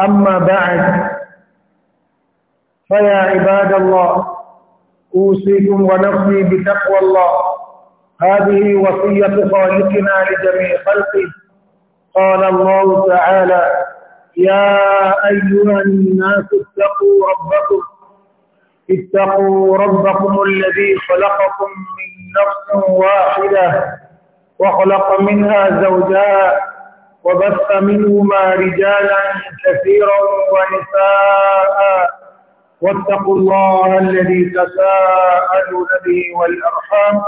أما بعد فيا عباد الله أوصيكم ونفسي بتقوى الله هذه وصية خالقنا لجميع خلقه قال الله تعالى يا أيها الناس اتقوا ربكم اتقوا ربكم الذي خلقكم من نفس واحدة وخلق منها زوجها وبث منهما رجالا كثيرا ونساء واتقوا الله الذي تساءلون به والأرحام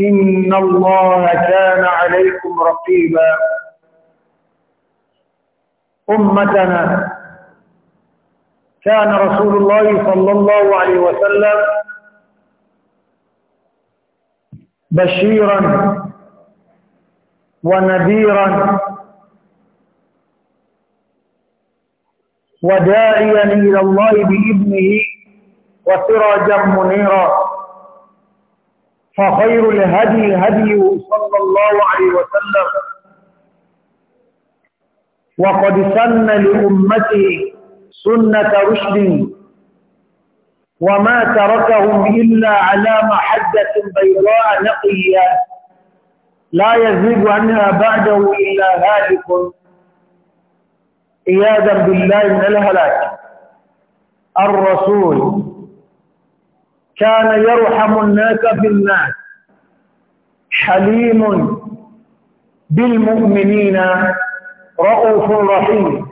إن الله كان عليكم رقيبا أمتنا كان رسول الله صلى الله عليه وسلم بشيرا ونذيرا وداعيا إلى الله بإذنه وسراجا منيرا فخير الهدي هدي صلى الله عليه وسلم وقد سن لأمته سنة رشد وما تركهم إلا على محجة بيضاء نقية لا يزيد عنها بعده إلا هالك عياذا بالله من الهلاك الرسول كان يرحم الناس في الناس حليم بالمؤمنين رؤوف رحيم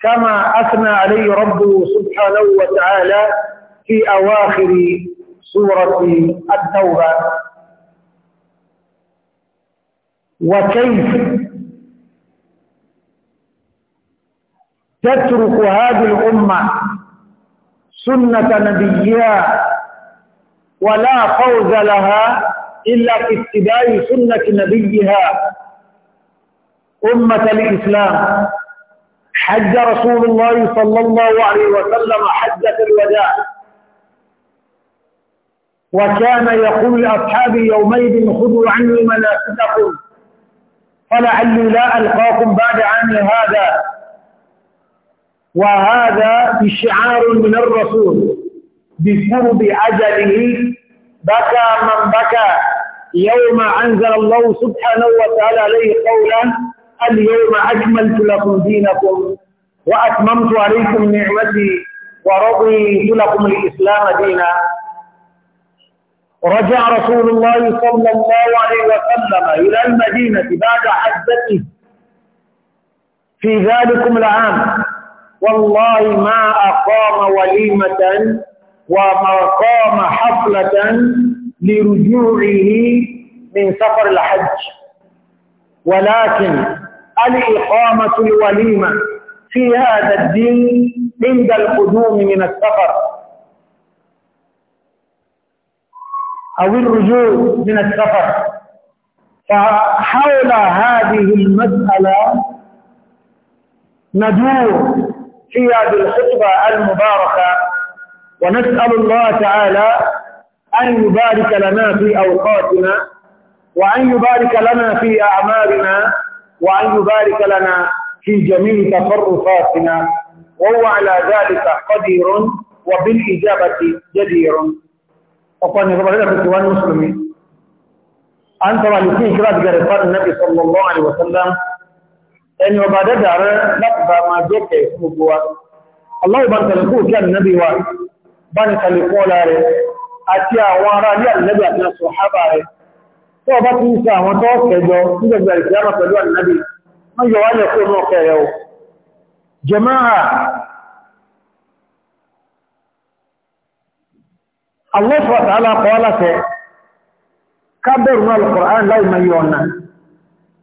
كما أثنى عليه ربه سبحانه وتعالى في أواخر سورة التوبة وكيف تترك هذه الأمة سنة نبيها ولا فوز لها إلا في اتباع سنة نبيها أمة الإسلام حج رسول الله صلى الله عليه وسلم حجة الوداع وكان يقول لأصحابه يومئذ خذوا عني مناسككم فلعلي لا ألقاكم بعد عام هذا وهذا بشعار من الرسول بقرب أجله بكى من بكى يوم أنزل الله سبحانه وتعالى عليه قولا اليوم أكملت لكم دينكم وأتممت عليكم نعمتي ورضيت لكم الإسلام دينا رجع رسول الله صلى الله عليه وسلم إلى المدينة بعد حجته في ذلكم العام والله ما أقام وليمة وما قام حفلة لرجوعه من سفر الحج ولكن الإقامة الوليمة في هذا الدين عند القدوم من السفر أو الرجوع من السفر فحول هذه المسألة ندور في هذه الخطبة المباركة ونسأل الله تعالى أن يبارك لنا في أوقاتنا وأن يبارك لنا في أعمالنا وأن يبارك لنا في جميع تصرفاتنا وهو على ذلك قدير وبالإجابة جدير أقول لكم هذا في المسلمين أنت رأيكين كرات قريبان النبي صلى الله عليه وسلم ẹni ọba dẹ́dà rẹ láti bá máa jẹ́kẹ̀ gbogbo wa. Aláwọ̀ bá ń tàbí kúrò wa bá ní tàbí kọ́ọ̀lá rẹ̀ àti àwọn ará ní ànìyàn àti àwọn sọ̀hábà rẹ̀. Tó ọba ti ń sa àwọn tó kẹjọ nígbàgbà ìfìyàmà pẹ̀lú ànìyàn, wọ́n yọ wáyẹ̀ kó náà kẹrẹ o.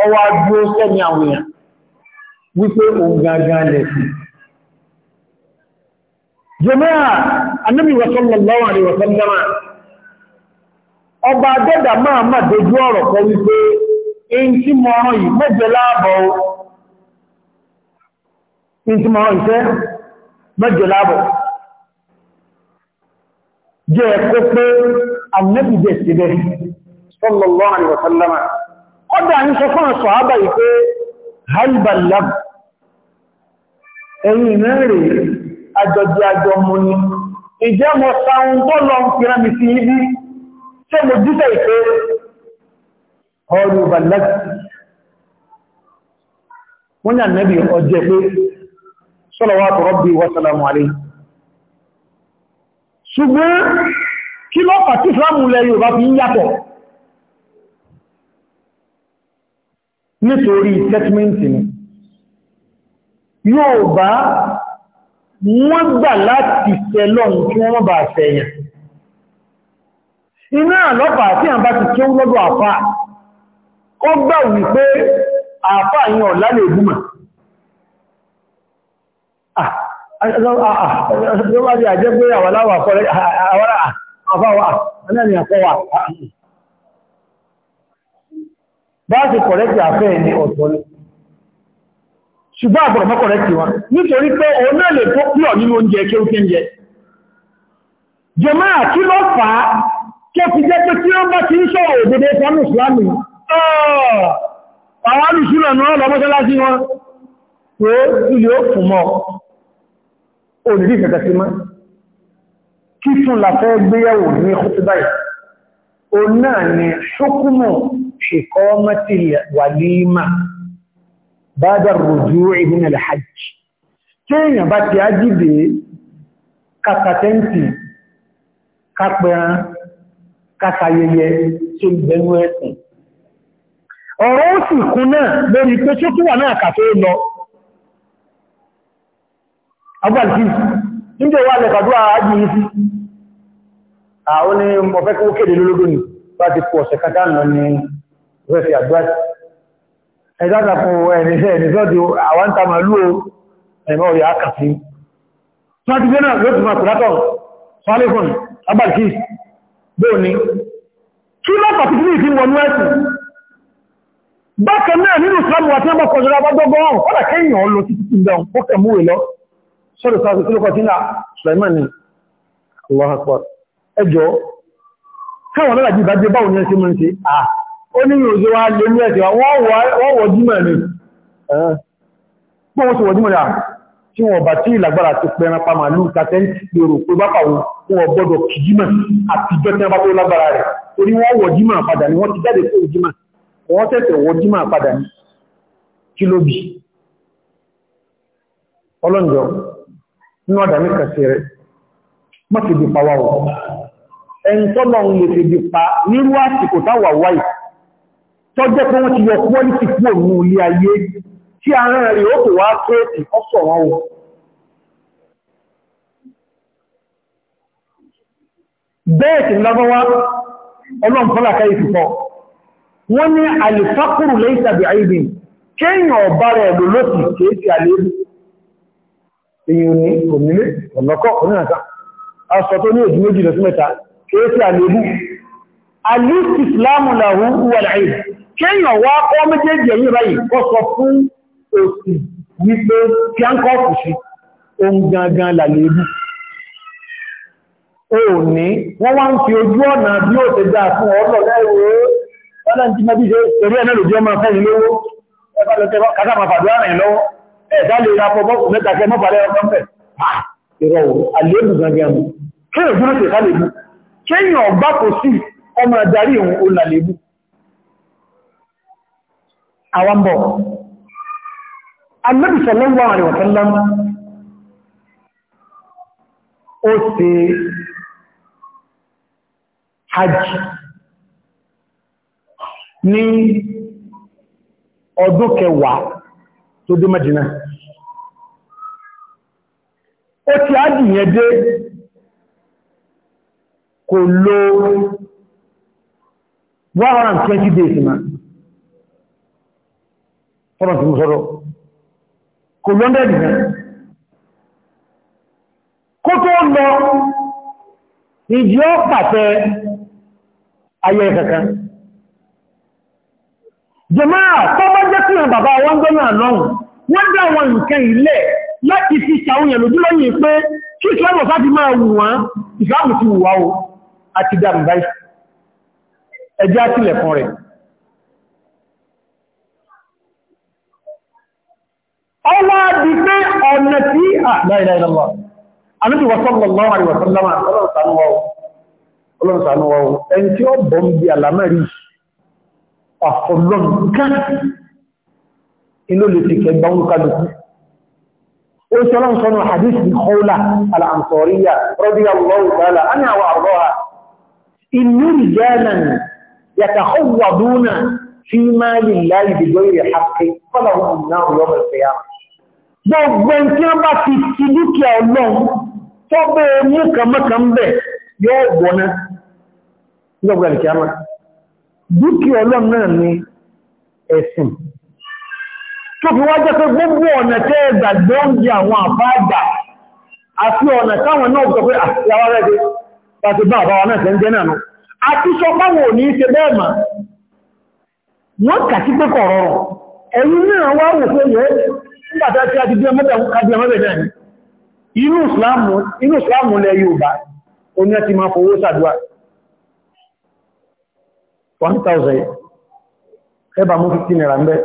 ọwọ́ agbó sẹ́mi àwọn èèyàn wípé òun gangan lẹ̀sìn jẹmọ́ra annabi wasallallahu alaihi wasallama ọba dẹ́dà máa má dojú ọ̀rọ̀ kọ wípé in tí mọ́ ọ̀rọ̀ yìí mẹ́jẹ láàbọ̀ in tí mọ́ ọ̀rọ̀ ìfẹ́ mẹ́jẹ láàbọ̀ sallallahu alaihi wasallama kọ́dà ń sọ fún ọ̀sọ̀ àbà ìpé halbalab ẹ̀yìn mẹ́rin àjọjì àjọ mú ní ìjẹ́ mọ̀ sáun tó lọ ń fi rámi sí ibi tí mo jíta ìpé ọrùn balab wọ́n yà nẹ́bí ọjẹ́ pé sọ́lọ̀wà tọ̀rọ̀bí nítorí tẹ́tímẹ́ntì ni yóò bá wọ́n gbà láti sẹlọ́n kí wọ́n bá sẹ̀yàn iná àlọ́pàá tí a bá ti kí ó lọ́dọ̀ àfá ó gbà wípé àfá yìí ọ̀lá lè gúnmà àjẹ́ pé àwàláwà àfá wà bá ṣe kọ̀rẹ́tì àfẹ́ ẹni ọ̀tọ̀ ni ṣùgbọ́n àgbọ̀rọ̀ mọ́ kọ̀rẹ́tì wọn nítorí pé òun náà lè tó pọ̀ nínú oúnjẹ kí ó kéúnjẹ jọmọ́ àti lọ fà á kí fi jẹ́ pé tí ó bá ti ń sọ̀rọ̀ òdòdó fánù ìsìlámù àwọn alùsùnà náà lọ mọ́ṣáláṣí wọn pé ilé ó fún mọ́ òdìdí ìfẹ̀kẹ̀ sí mọ́ kí tún la fẹ́ gbéyàwó ní kútúbáyì òun náà ni ṣókúmọ̀ إقامة الوليمة بعد الرجوع من الحج kéèyàn bá ti ájíde kàtàtẹ́ǹtì kápẹ́ran kásayẹyẹ tó gbẹ̀nú ẹ̀sìn ọ̀rọ̀ ó sì kún náà lórí pé lọ fẹ́ fi àdúrà sí ẹ̀dá àtàkùn ẹni sẹ́ ẹni sọ́dí àwọn ta máa lú ẹ̀mọ́ ọ̀yà àkàfí tó ti gbénà ló ti máa pùlátọ̀ sọ́lẹ́fún abàkí bóò ni kí lọ́ pàtàkì ní ìfín wọnú ẹ̀sìn bákan náà nínú ìsìlámù àti ọmọ kọjọra bá gbọ́gbọ́n kọ́dà kéèyàn lọ títí ti dán ó kẹ̀ múwè lọ sọ́dọ̀ sáàtì tí ló kọtí náà Sulaiman ni Allah akbar ẹjọ́ káwọn lọ́làjì ìbájẹ́ báwọn ní ẹ̀sìn mọ́ sí àà ó ní ìròyìn wá lè ní ẹ̀sẹ̀ wọ́n wọ̀ jímọ̀ ní gbọ́n sí wọ̀ jímọ̀ náà tí wọ́n bá tí ìlàgbára ti pẹran pa màálù tàtẹ́ntì lèrò pé bá pàwọn fún ọgbọ́dọ̀ kì jímọ̀ àtijọ́ tí wọ́n bá tó lágbára rẹ̀ torí wọ́n wọ̀ jímọ̀ padà ní wọ́n ti jáde fún jímọ̀ wọ́n tẹ̀sẹ̀ wọ̀ jímọ̀ padà ní kí ló bì ọlọ́njọ́ nínú àdáni kàṣẹ rẹ̀ má ti di pa wá o ẹni tọ́lọ́ ń lè ti di pa nírú àsìkò táwà wáyìí tọ́jẹ́ pé wọ́n ti yọ quality kúrò ní ilé ayé tí ara rẹ̀ ó tó wá pé ìkọ́sọ̀ wọn o bẹ́ẹ̀tì lọ́gọ́wá ọlọ́mpọ́láka ìfìfọ́ wọ́n ní alifakuru lẹ́yìn tàbí àìbìn kéèyàn ọ̀bá rẹ̀ lò lókì kéèkì àlébù èyàn ní òmìnir ọ̀nàkọ́ onínàká aṣọ tó ní òjú méjì lọ sí mẹ́ta kéèkì àlébù alif islamu lahu wal kéèyàn wá kọ́ méjèèjì ẹ̀yìn báyìí kọ́ sọ fún òsì wípé kí á ń kọ́ ọ̀pù sí ohun gangan làlébù o ní wọ́n wá ń fi ojú ọ̀nà bí ó ti dáa fún ọlọ́ lẹ́wọ́ ọlọ́n tí mẹ́bí ṣe eré ẹ̀nà lòdí ọmọ fẹ́ ìlówó kátà máa fàdúrà rìn lọ́wọ́ ẹ̀dá lè ra pọ̀ bọ́ọ̀kù mẹ́ta kẹ́ mọ́fàlẹ́ ọkàn fẹ́ ìrọ̀ àlébù gangan mú kéèyàn dúró tẹ̀ká lè mú kéèyàn ọgbà kò sí ọmọ adarí òun olàlébù àwọn bọ̀. Annabi sallallahu alaihi wa sallam ose hajj ní ọdún kẹwàá tó dé Madina. Ó ti hajj dé kò lo 120 days ọ̀rọ̀ tí mo sọ́rọ̀ kò lọ́ndẹ̀dì rẹ̀ kó tó lọ ìjì ó pàtẹ ayẹ kankan jẹmáà tó bá jẹ́ kí bàbá wọ́n gbé náà lọ́hùn wọ́n dá wọn nǹkan ilẹ̀ láti fi ṣàwòyàn lójú lọ́yìn pé kí ìsìlámù sáti máa wù wọ́n ìsìlámù ti wù wá o àti dàmbáì ẹjá sílẹ̀ fún rẹ̀ ọwá di pé ọ̀nà tí àdáìdáìdọ́lọ́ alúbí wasallallahu alaihi wasallama ọlọ́nsanuwa ẹni tí ó bọ̀ ń bí alamari ọ̀fọ̀lọ́n kan inú lè fi kẹgbà ń kálùkú ó sọ́lọ́n sọ́nà hadith bí kọ́ọ́lá al'ansọ̀ríyà radiyallahu ta'ala ana wa ardaha inú rijalan yatakhawaduna fi ma lillahi bi ghayri haqqin falahum an-nar yawm al gbogbo ẹni tí wọ́n bá ti ti dúkìá ọlọ́run tó bẹ́ mú kàmọ́kà ń bẹ̀ yóò gbọ́ná lọ́gbà ìkẹ́ àmà dúkìá ọlọ́run náà ni ẹ̀sìn tó fi wá jẹ́ pé gbogbo ọ̀nà tẹ́ ẹgbàgbọ́ ń di àwọn àfáàgbà àti ọ̀nà táwọn náà sọ pé àtìyàwó ah, rẹ̀ dé bá àbáwọn náà tẹ́ ń jẹ́ náà ẹ̀yìn náà wá wò pé yẹ́ nígbàtà tí a ti bí ọmọdé kájí ọmọdé náà ni inú ìsìláàmù lẹ Yorùbá o ní ẹ̀tí máa fowó sàdúwà 1000 ẹbà mú 15 naira ń bẹ́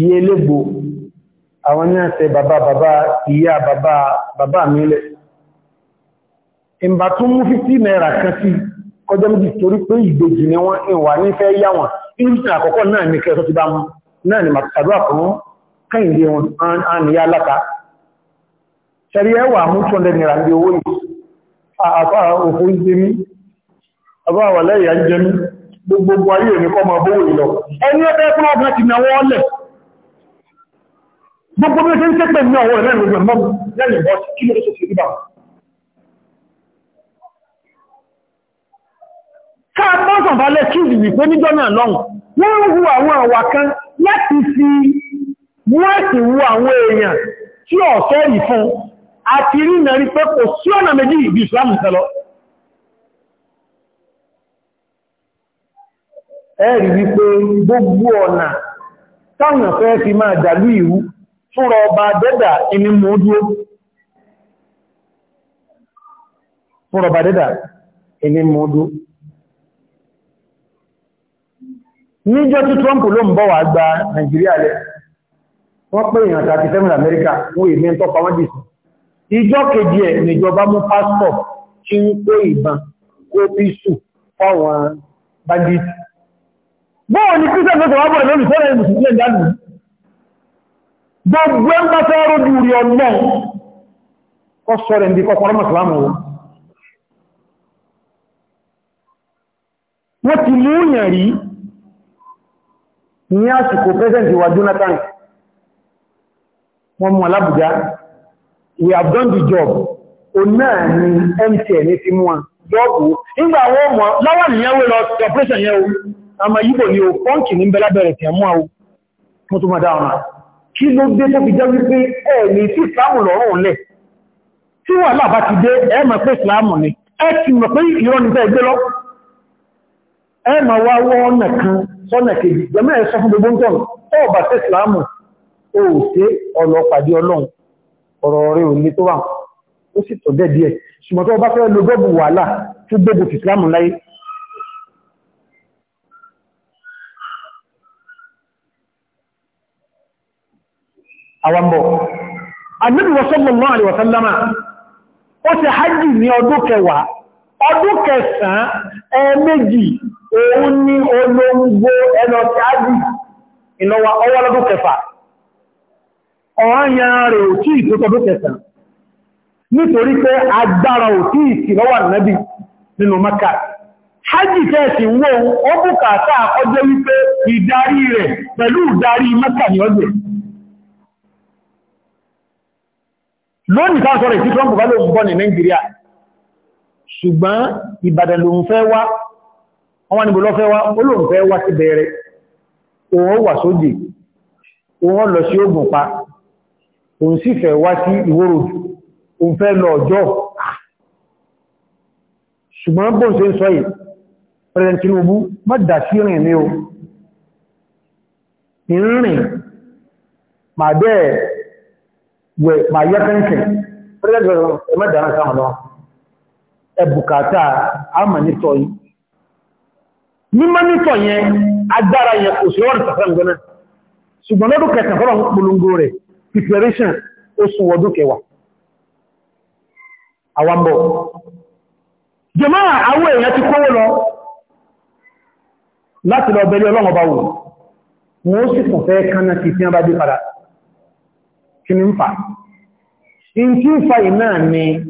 iye elégbò àwọn ní àṣẹ bàbá bàbá ìyá bàbá bàbá mílẹ̀ ìbàtún mú 15 naira kan sí i kọjá méjì torí pé ìbejì ni wọ́n ń wà nífẹ́ yá wọn ìrìnà àkọ́kọ́ náà ní kẹsọ́ ti bá mú náà ni màtàdúrà fún kẹ́yìndé wọn àníyá aláta ṣẹ̀rí ẹwà mú 200 naira ní owó yìí àpá òkú ń jẹ́ mí àbá wà lẹ́yà ń jẹ́ mí gbogbo ayé mi kọ́ máa bówó ìlọ ẹni ẹgbẹ́ fún ọgbọ́n ti náwó ọlẹ̀ gbogbo bí ó ṣe ń tẹ́pẹ̀ káàkọ́sàn bá lẹ́kìdì wípé ní náà lọ́hùn wọ́n hu àwọn àwà kan láti fi wọ́n ti hu àwọn èèyàn tí ọ̀sọ́ ìfún àti rínà rí pé kò sí ọ̀nà méjì ìbí ìsìlámù wípé ọ̀nà táwọn fẹ́ fi máa dàlú ìwú fúnra ọba dẹ́dà níjọ́ tí Trump ló ń bọ̀ wà gba Nàìjíríà lẹ wọ́n pè èèyàn tàbí sẹ́mìnà Amẹ́ríkà wọ́n èmì ń tọ́pa wọ́n dìsì ìjọ́ kejì ẹ̀ níjọba mú pásítọ̀ tí ń pé ìbọn kó píṣù fáwọn bandits bọ́ọ̀ ni Christian tó wá bọ̀rẹ̀ lórí sọ́rọ̀ ìmùsùn ilẹ̀ ìdánù gbogbo ń bá fẹ́ rójú rí wọ́n ti mú yàn rí ní àsìkò pẹ́sẹ̀ntì wa Jonathan wọ́n mú alábùjá we have done the job o náà ni MTN ti mú wọn jọ́bù nígbà wọ́n mọ̀ láwà níyàwó lọ operation yẹ́ o àmà yíbò ni o pọ́ǹkì ní bẹ́lábẹ̀rẹ̀ tí a mú àwọn mú tó máa dáwọn kí ló dé tó fi jẹ́ wípé ẹ̀ẹ̀ni tí ìsìlámù lọ́rùn lẹ̀ tí wà láàbá ti dé ẹ̀ẹ̀mọ̀ pé ìsìlámù ni ẹ ti mọ̀ pé ìrọ́ ni bẹ́ẹ̀ gbé ẹ ma wá wọ́ ọ̀nà kan sọ́nà kejì gbogbo ǹkan ọba sí ìsìláàmù ó sí ọ̀nà pàdé ọlọ́run ọ̀rọ̀ rẹ̀ ò ní tó wà ó sì tọ̀ dẹ́ẹ̀díẹ̀ ṣùgbọ́n tó bá fẹ́ lo gọ́ọ̀bù wàhálà tó gbogbo ìsìláàmù láyé ọdún kẹsàn-án ẹ̀ẹ̀mejì òun ní olóngbò ẹlọ́tíájì ìlọ́wà ọwọ́ lọ́dún kẹfà ọ̀rányà rẹ̀ ò tí ìtótọ́dún kẹsàn-án nítorí pé agbára ò tí ìtìlọ́wà nẹ́bì nínú Mẹ́kà hajji tẹ́ẹ̀sì wó ó bùkátà ọjọ́ wípé ìdarí rẹ̀ pẹ̀lú ìdarí Mẹ́kà ní ọjọ́ lónìí káàkiri tí ṣùgbọ́n ìbàdàn lòun fẹ́ wá ọwọ́n níbo lọ fẹ́ wá ó lòun fẹ́ wá sí bẹ̀rẹ̀ òun wà sódì òun lọ sí ogun pa òun sì fẹ́ wá sí ìwòrò òun fẹ́ lọ ọjọ́ ṣùgbọ́n bóun ń sọ yìí president má dà sí rìn ní o ìrìn màá bẹ́ẹ̀ wẹ̀ màá yẹ́ kẹ́ńkẹ́ president ẹ̀ má ẹbùkátà àmànítọ̀ yìí mímọ́nítọ̀ yẹn agbára yẹn kò sí ọ̀rọ̀ tàfẹ́ ǹgbọ́nà ṣùgbọ́n lọ́dún kẹta fọ́lọ̀ polongo rẹ̀ preparation oṣù ọdún kẹwàá àwambọ̀ jẹmọ́ àwọn èèyàn ti kówó lọ láti lọ bẹ̀lẹ̀ ọlọ́run ọba wò wọ́n sì kàn fẹ́ kánà ti tí ń fa ìnáà ni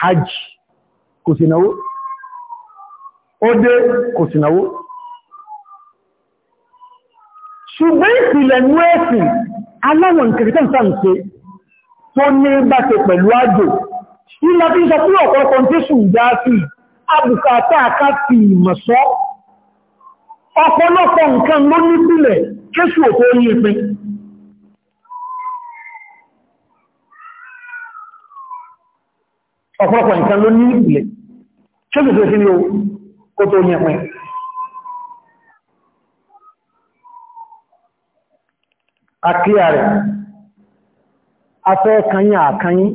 hajj kò sí náwó ọdẹ kò sí náwó ṣùgbọ́n ìpìlẹ̀ ní ẹ̀sìn aláwọn nkìrìtàn sáǹsẹ́ tó ní bá ṣe pẹ̀lú àjò ìlà bí sọ fún ọ̀pọ̀lọpọ̀ tí sùn já sí abùkátà àkáàtì ìmọ̀sọ́ ọ̀pọ̀lọpọ̀ ọ̀pọ̀lọpọ̀ nǹkan ló ní ìpìlẹ̀ ṣọ́sì tó sínú kó tó ní ẹ̀pẹ́ àkíyà rẹ̀ afẹ́ kanyí àkanyí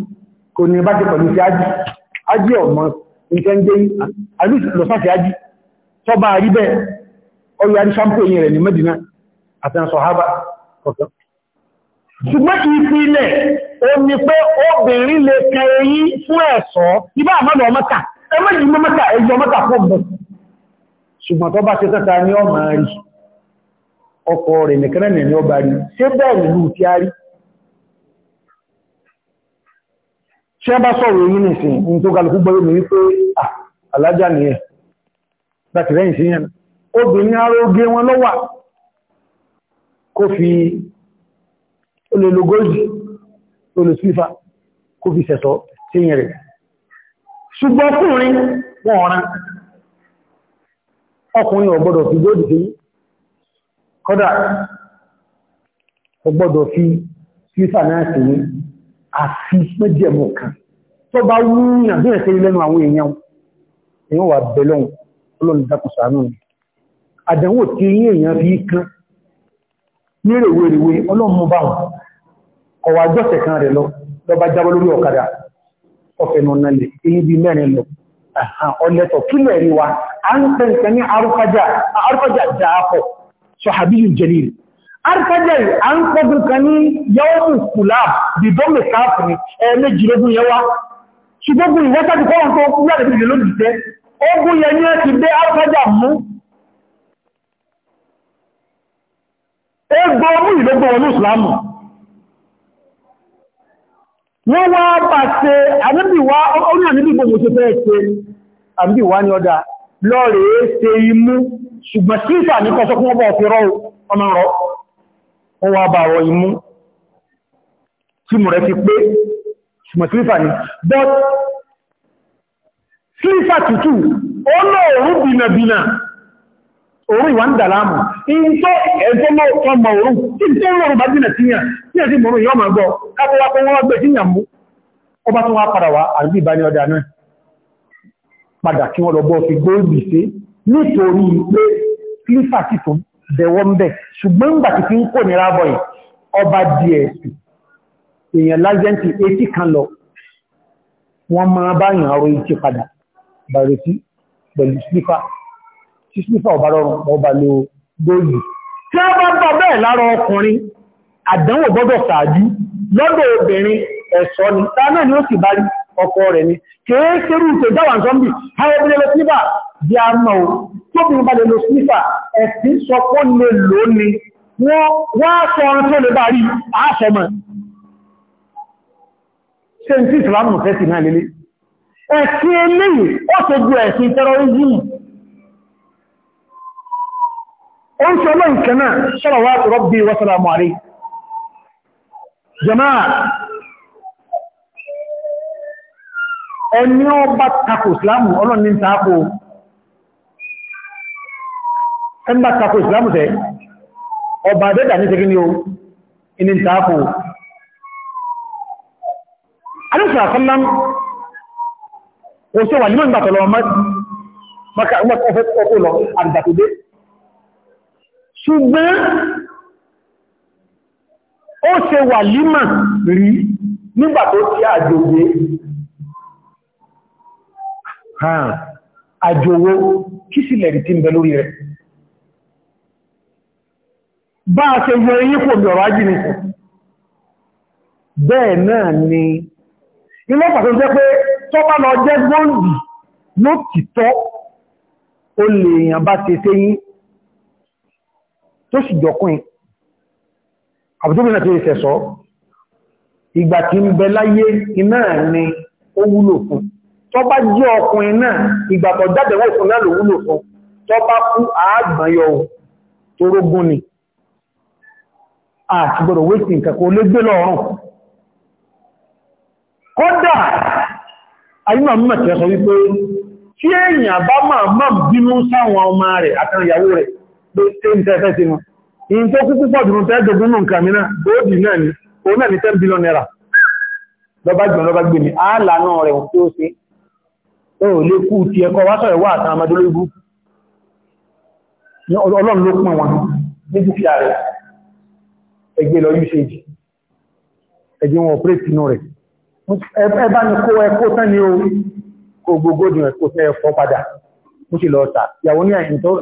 kò ní bá ti pẹ̀lú sí ájí ájí ọmọ ìtẹ́ndé alúsọ̀sọ̀sẹ̀ ájí ṣùgbọ́n kìí fi ilẹ̀ o ní pé obìnrin lè kẹ eyín fún ẹ̀ṣọ́ ibá àmọ́dọ̀ ọmọ́ta ẹmọ́jì mọ́mọ́ta ẹjọ́ mọ́ta fún bọ̀ ṣùgbọ́n tó bá ṣe tẹ́ta ní ọmọ rí ọkọ rẹ̀ nìkanẹ̀ ní ọba rí ṣé bẹ́ẹ̀ nìlú tí a rí ṣé bá sọ̀rọ̀ eyín nìsín ní tó kálukú gbọ́rọ̀ mi wípé ah, alájà nìyẹn láti rẹ́yìn sí yẹn obìnrin arógé wọn lọ́wà kó fi ó lè lo góòlì ó lè sífà kó fi sẹ̀tọ́ sí yẹn rẹ̀ ṣùgbọ́n ọkùnrin wọ́n ọ̀ràn ọkùnrin ọ̀gbọ́dọ̀ fi góòlì sí kọ́dà ọgbọ́dọ̀ fi sífà náà sí yẹn àfi mẹ́jẹ̀mọ̀ kan tó bá wúyàn bí ẹ̀sẹ̀ lẹ́nu àwọn ní rèwerèwe ọlọ́run bá wọn ọwà jọ́sẹ̀ kan rẹ̀ lọ lọ́ba jábọ́ lórí ọ̀kadà ọ̀fẹ̀nù nalẹ̀ èyí bí mẹ́rin lọ ọlẹ́tọ̀ kílẹ̀ rí wa a ń tẹ́ǹkẹ́ ní arúfájà dáàpọ̀ sọ̀hábíyù jẹ́lìrì arúfájà yìí a ń pọ́dún kan ní yọ́ọ̀mù kùlá bìbọ́mẹ̀ káàpù ní ẹ̀ẹ́mẹ́jìlógún yẹn wá ṣùgbọ́n Egbò ọmú ìlógbò wọn ní ìsìlámù. Wọ́n wá bá ṣe, àníbìwá, orí àníbìgbò mo ṣe fẹ́ ṣe, àníbìwá ni ọdá, lọ́rẹ̀ ṣe imú, ṣùgbọ́n síta ní kọ́ sọ́kún ọba ọ̀fẹ́ rọ́ Wọ́n wá tí pé, òun ìwà ń dà láàmù ìyíntó ẹ̀ntọ́ mọ́ ọmọ òun tí tí ó rọrùn bá jìnà síyàn tí ẹ̀ sí mọ̀rún yọ́ ma gbọ́ kápọ́wá pé wọ́n gbé síyàn mú ó bá tún wá padà wá àríbí ìbá ní ọdá náà padà kí wọ́n lọ bọ́ fi góòlì sí nítorí pé fífà sì tún bẹ̀wọ́ ń bẹ̀ ṣùgbọ́n ń gbàtí fi ń kò nira bọ̀ yìí ọba díẹ̀ èèyàn lájẹ́ǹtì etí tí sífà ọba rọrùn ọba lo góòlù tí a bá bá bẹ́ẹ̀ lára ọkùnrin àdánwò gbọ́dọ̀ ṣáájú lọ́dọ̀ obìnrin ẹ̀ṣọ́ ni tá náà ni ó sì bá rí ọkọ rẹ̀ ni kìí ṣerú ìtẹ̀jáwà zombi àwọn obìnrin lọ sífà di a mọ̀ o tóbi bá lè lo sífà ẹ̀sìn sọ pọ́ lè lò ní wọ́n wá sọ ọrùn tó lè bá rí àásọmọ̀ ṣe ń tí ìsìlámù fẹ́ sí náà lélé ẹ̀sìn eléyìí ó ṣojú ẹ̀sìn tẹ́rọrìsìmù ó ń sọ lọ́nkẹ̀ náà sọ́rọ̀ wá rọ́bí wasalamu àrí jama'a ẹni ó bá takò islamu ọlọ́ni takò ẹni bá takò islamu tẹ ọba dẹ́dà ní tẹ́kí ni ó ní takò alẹ́sọ̀ àkọ́lá kò sí wà nígbàtọ̀lọ́ mọ́kànlá ọkọ̀ lọ àdìgbàtọ̀dé ṣùgbọ́n ó ṣe wà límà rí nígbà tó tí àjòwé àjòwó kí sì lẹ̀rí tí ń bẹ lórí rẹ̀ bá a ṣe yọ eyín kò lọ̀rọ̀ ajínigbì bẹ́ẹ̀ náà ni ilé pàtó jẹ́ pé tó bá lọ jẹ́ gbọ́ndì ló tìtọ́ o lè èèyàn bá ṣe ṣe yín tó sì jọkún àbútóbìnà tó ìfẹ́ sọ ìgbà tí ń iná ni ó wúlò fún tó bá jẹ́ ọkùnrin náà ìgbà tó jáde wọ́n fún náà ló wúlò fún tó bá kú àágbànyọ tó rógún ni àti gbọ́dọ̀ wéṣì nǹkan lọ́rùn kódà ayúmọ̀ mímọ̀ tẹ́ sọ wípé tí èèyàn bá máa máa bínú sáwọn ọmọ rẹ̀ àtàrà ìyàwó rẹ̀ pé tẹ́mi tẹ́fẹ́ sí wọn in tó kúkú pọ̀ ni òun ni ten billion naira lọ́ba jùlọ lọ́ba gbèmí àálà náà rẹ̀ tí ó ṣe ó lè kú ti ẹkọ wá sọ̀rọ̀ wà àtàwọn ọmọdé lórí burúkú ọlọ́run ló pọ̀ wọn ní dúkìá lọ usage ẹgbẹ́ ní kó ẹkó tán ni ó kó gbogbo dùn ẹkó tẹ́ ẹ̀fọ́ padà ó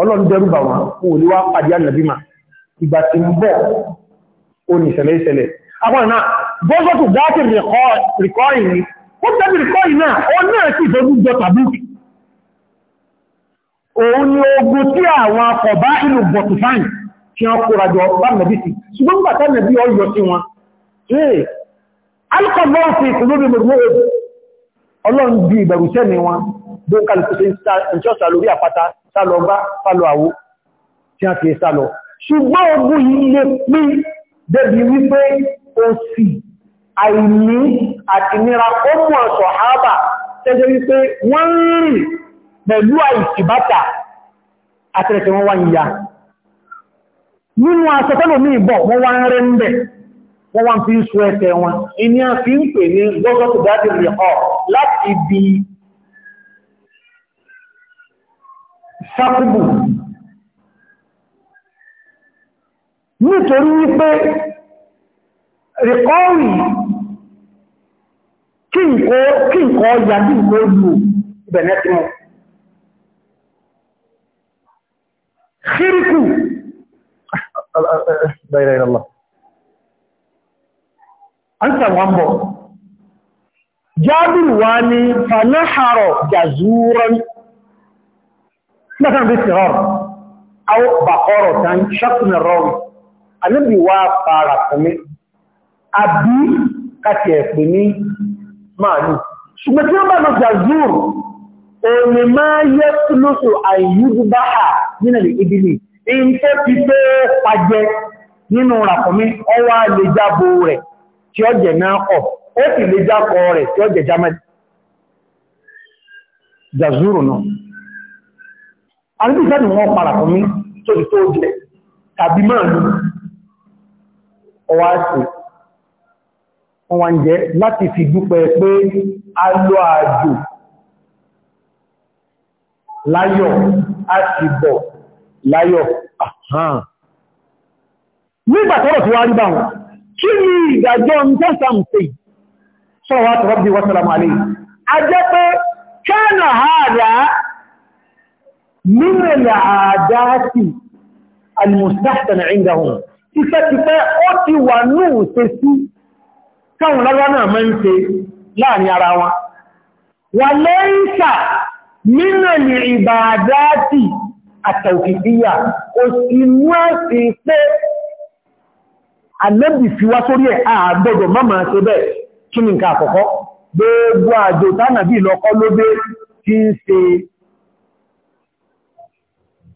ọlọ́run dẹ́rùbà wọn kò lè wá pàdé ànàbímà ìgbà tí ń bọ̀ ó ní ìṣẹ̀lẹ̀ ìṣẹ̀lẹ̀ àwọn náà bọ́sọ̀tù ni ó tẹ́bí rìkọ́ìn náà ó náà sì tó gbújọ tàbí òun ni ogun tí àwọn akọ̀bá ìlú bọ̀tùfáìn tí wọ́n kóra jọ bá nàbí sí ṣùgbọ́n nígbà tá nàbí ọ yọ sí wọn ee alkọ̀mọ́ fi ìkùnlú ní mọ̀rọ̀ ọlọ́run bí ìbẹ̀rù sẹ́ni wọn bó ń sí ń lórí àpáta sálọ bá sálọ àwó tí a ti sálọ ṣùgbọ́n ogun yìí lè pín débi wípé òsì àìní àti nira ó mú ọ̀sọ̀ àábà tẹ́jẹ́ wípé wọ́n rìn pẹ̀lú àìsìbátà àtẹ́rẹ̀tẹ̀ wọ́n wá ń ya nínú asẹ́tẹ́lò ní ìbọ̀ wọ́n wá ń rẹ́ ń bẹ̀ wọ́n wá ń fi ń sọ ẹ̀tẹ̀ wọn ìní a fi ń pè ní gọ́gọ́ tó ọ̀ láti bí sákùbù nítorí wípé rìkọ́rì kí nǹkan ọjà bí nǹkan ojú ìbẹ̀rẹ̀ tí wọ́n ṣíríkù bẹ̀rẹ̀ ìrọ̀lọ́ an sàwọn bọ̀ jábìrì ní fanáhàrọ̀ jàzúrán مثلا باستغار أو بقرة شق من الراوي النبي وقع رقمي أبي كتفني مالو ṣùgbọ́n tí wọ́n bá lọ́jà zoon òní máa yẹ́ lóṣù àìyúgbáhà nínú ìbílì in tó ti pé pàjẹ nínú ràkùnmí ọwá lè jábò rẹ̀ tí àníbí ìsẹ́ni wọ́n para fún mi tó ti tó jẹ tàbí máa lú ọwá sí wọ́n wá ń jẹ láti fi dúpẹ́ pé a lọ àjò láyọ̀ a ti bọ̀ láyọ̀ àhán nígbà tọ́rọ̀ tí wá rí bá wọn kí ni ìdájọ́ ń tẹ́sà ń pè sọ́rọ̀ من العادات المستحسن عندهم tipẹ́tipẹ́ ó ti wà náà ṣe sí káwọn lọ́rọ̀ náà mẹ́ ń ṣe láàrin ara wọn wà lẹ́yìnṣà nínú ní ìbàdáàtì àtàwòkìdíyà kò sí mú ẹ̀sì pé alẹ́bì fi wá sórí ẹ̀ àgbẹ̀dọ̀ mọ́mà ṣe bẹ́ẹ̀ kí ni nǹkan àkọ́kọ́ gbogbo àjò tánàbí lọ́kọ́ lóde tí ń ṣe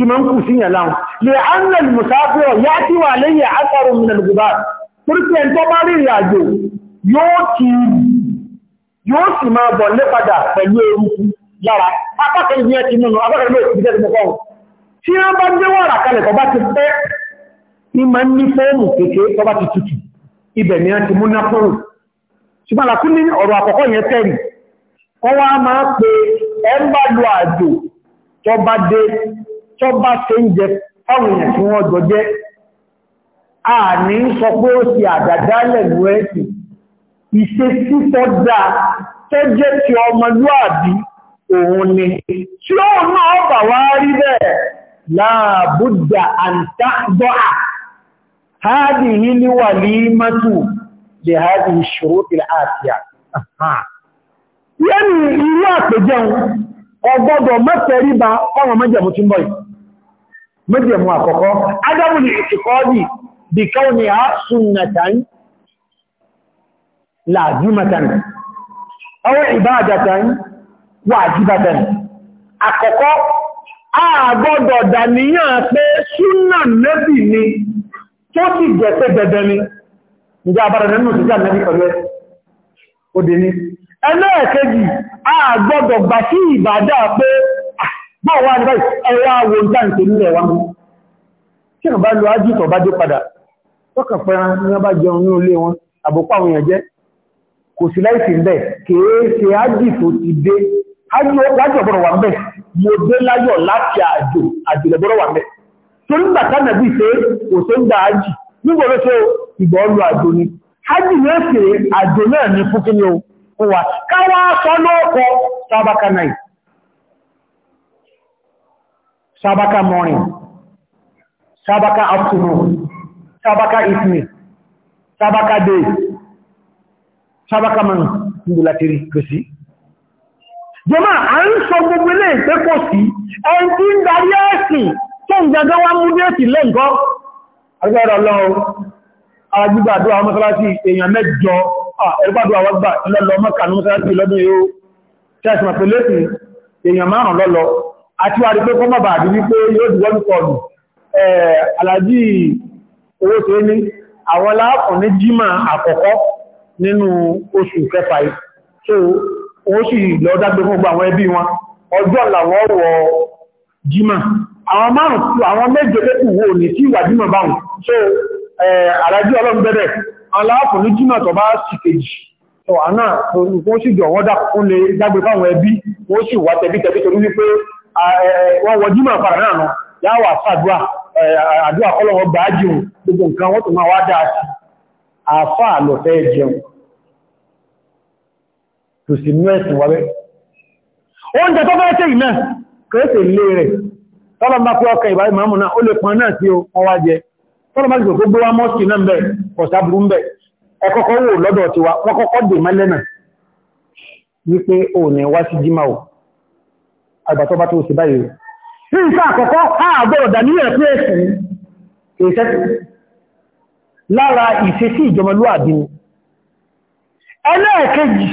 tí ma ń kù sí yàn láhùn lè annal musafir yá tí wà lẹ́yìn asarun min al-gubar torí pé ẹni tó bá rí ìrìn àjò yóò sì máa bọ̀ lé padà pẹ̀lú eruku lára apákan ìbí ẹ ti múnu apákan ìbí ẹ ti jẹ́ mọ́kọ́ tí wọ́n bá gbé wàrà kalẹ̀ tó bá ti pẹ́ ní ma ń ní tó bá ṣe ń jẹ fáwọn èèyàn tí wọ́n jọ jẹ́ a ní sọ pé ó sì àdàdálẹ̀ ló ẹ̀sìn ìṣe títọ́ dáa tó jẹ́ ti ọmọlúàbí òun ni tí ó náà bà wá rí bẹ́ẹ̀ láàbúdà àǹtàgbọ́ هذه ha لهذه الشروط الآتية yẹ́nì irú àpèjẹun ọgbọ́dọ̀ mẹ́tẹ̀ríba ọmọ mẹ́jẹ̀mú tí ń bọ̀ yìí méjèmú àkọ́kọ́ adábùn ìtìkọ́dì bí káwọn ni a súnnàtàn làájúmàtàn ọwọ́ ìbáàdàtàn wàájúbàtàn àkọ́kọ́ àgbọ́dọ̀ dàníyàn pé súnnà nẹ́bì ni tó ti jẹ́ pé dẹ̀dẹ̀ ni ìjọ àbára nínú ìjọ nẹ́bì bọ́ wá ní báyìí ẹwà wo dáǹtẹ̀ nílẹ̀ wa mú kí n bá lọ ájútọ̀ bá dé padà tọ́kà fẹ́ran ní wọ́n bá jẹun ní olé wọn àbòpá àwọn èèyàn jẹ́ kò sí láìsí ń bẹ̀ kèé ṣe ájì tó ti dé lájọ̀ bọ̀rọ̀ wà ń bẹ̀ mo dé ṣe àjò ni ájì ní èsè àjò náà ní fúkíní o fún wa sọ lóòkọ sábàkanáì Sabaka morning, Sabaka afternoon, Sabaka evening, Sabaka day, Sabaka man, Ngulatiri, Kosi. Jọmọ́, a ń sọ gbogbo ilé ìpé kò sí, ẹn tí ń darí ẹ̀sìn tó ń gẹ́gẹ́ wá mú ní èsì lẹ́ǹkọ́. Agbẹ́rọ lọ, agbígbàdúwà mọ́sálásí èèyàn mẹ́jọ, ẹgbàdúwà wọ́gbà lọ́lọ́ mọ́kànlú mọ́sálásí lọ́dún yóò, tẹ́sìmọ̀ pẹ̀lẹ́sìn èèyàn márùn-ún lọ́lọ́ àti wà rí pé kọ́mọ̀ bàbí wípé yóò dìwọ́ ní kọlù alájí owó tó ní àwọn láàkùn ní àkọ́kọ́ nínú oṣù kẹfà yìí so wọ́n sì lọ dágbé fún àwọn ẹbí wọn ọjọ́ làwọn wọ jímà àwọn márùn-ún àwọn méje ní tí ìwà jímà báwọn so alájí ọlọ́gbẹ̀rẹ̀ àwọn láàkùn ní jímà tó bá so àná wọ́n sì jọ wọ́n dákùn lè dágbé fáwọn ẹbí wọ́n wọ́n wọ jímọ̀ fara náà nọ yáwà fàdúà àdúà kọlọ̀wọ̀ gbà ájìun gbogbo nǹkan wọ́n tó máa wá dáa sí àfà lọ fẹ́ jẹun tó sì mú ẹ̀sìn wáwẹ́ oúnjẹ tó fẹ́ tèyí náà kẹ́ẹ̀sẹ̀ lé rẹ̀ tọ́lọ́mbá pé ọkà ìbáyé màmù náà ó lè pọn náà tí wọ́n wá jẹ tọ́lọ́mbá ti gbogbo wá mọ́sí náà bẹ̀ kọ̀sáburú bẹ̀ ẹkọ́kọ́ wò lọ́dọ̀ tiwa wọ́n kọ́kọ́ dè mẹ́lẹ́nà wípé òní wá sí jímáwò àgbàtọ́ bá tó sì báyìí ní nǹkan àkọ́kọ́ àgbọ̀rọ̀ dàníyàn pé ẹ̀sìn èsẹ́ lára ìṣesí ìjọmọlúwàbí ni ẹlẹ́ẹ̀kejì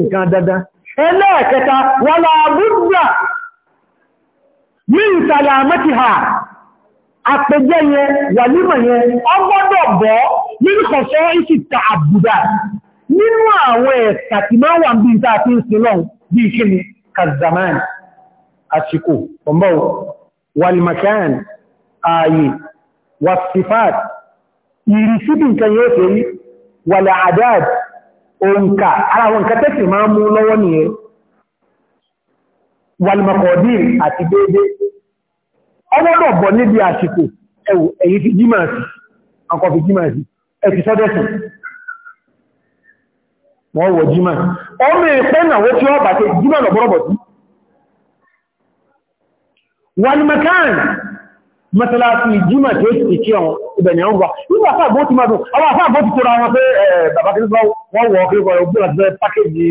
nǹkan dandan ẹlẹ́ẹ̀kẹta wà láàbúgbà ní ìtàlà mẹ́tìhà nínú àwọn ẹ̀sà bí ìta àti ìsìnlọ́un bí kazaman àsìkò ọmọ walmakan ààyè wasifat ìrísíbì nǹkan yóò ṣe rí wàlẹ̀ àdáàd òǹkà ara wọn nǹkan tẹ́sì máa mú lọ́wọ́ nìyẹn walmakodir àti déédé ọgbọ́dọ̀ bọ̀ níbi àsìkò ẹ̀yí fi jímọ̀ sí wọ́n wọ jímọ̀ ọmọ ìpẹ́ náà wọ́n tí ó bàtẹ̀ jímọ̀ lọ̀bọ̀rọ̀bọ̀ tí wà ní mẹ́kàn mẹ́sàlásì jímọ̀ tí ó ti kí ọ̀hún ìbẹ̀ni ọ̀gbà nígbà fàbọ́ ti máa dùn àwọn àfàbọ́ ti tóra wọn pé bàbá kí wọ́n wọ kí wọ́n gbé láti bẹ́ẹ̀ pákéjì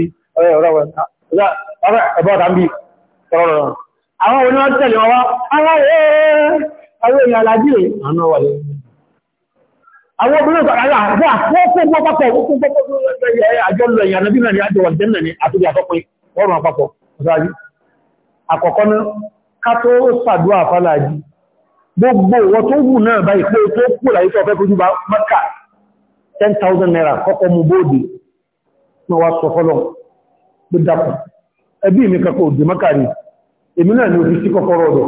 ọ̀rọ̀ ẹ̀bọ̀ àwọn obìnrin ọ̀sán àrà àgbà wọ́n fún ọgbọ́n pápọ̀ òkú pápọ̀ àjọ lọ ìyànà bí nàní àjọ ọ̀dẹ́nà ni àtúbí àtọ́pin ọrùn àpapọ̀ ọ̀sáájú àkọ́kọ́ ní ká tó sàdúrà fàlàájì gbogbo wọ́n tó wù náà báyìí pé tó kù láyé tó fẹ́ kojú bá mẹ́kà 10,000 naira kọ́kọ́ mú bóòdì ní wá sọ fọ́lọ̀ gbé dapọ̀ ẹbí mi kakọ̀ òdì mẹ́kà rí èmi náà ni òfin sí kọ́kọ́rọ́ ọ̀dọ̀